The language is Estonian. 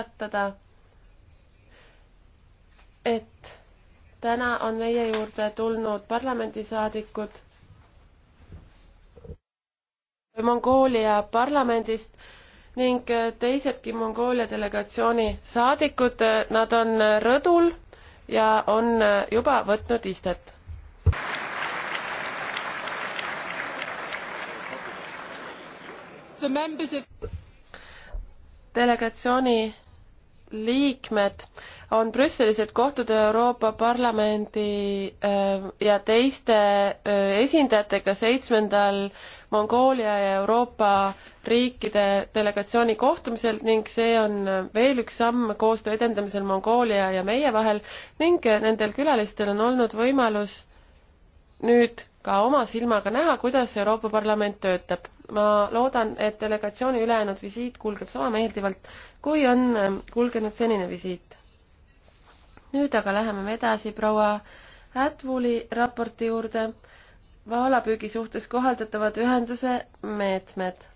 algatada, et täna on meie juurde tulnud parlamendisaadikud Mongoolia parlamendist ning teisedki Mongoolia delegatsiooni saadikud, nad on rõdul ja on juba võtnud istet. delegatsiooni liikmed on Brüsselis, et kohtuda Euroopa Parlamendi äh, ja teiste äh, esindajatega seitsmendal Mongoolia ja Euroopa riikide delegatsiooni kohtumisel ning see on veel üks samm koostöö edendamisel Mongoolia ja meie vahel ning nendel külalistel on olnud võimalus nüüd ka oma silmaga näha, kuidas Euroopa Parlament töötab ma loodan, et delegatsiooni ülejäänud visiit kulgeb sama meeldivalt, kui on ähm, kulgenud senine visiit. nüüd aga läheme me edasi proua Atwooli raporti juurde vaalapüügi suhtes kohaldatavad ühenduse meetmed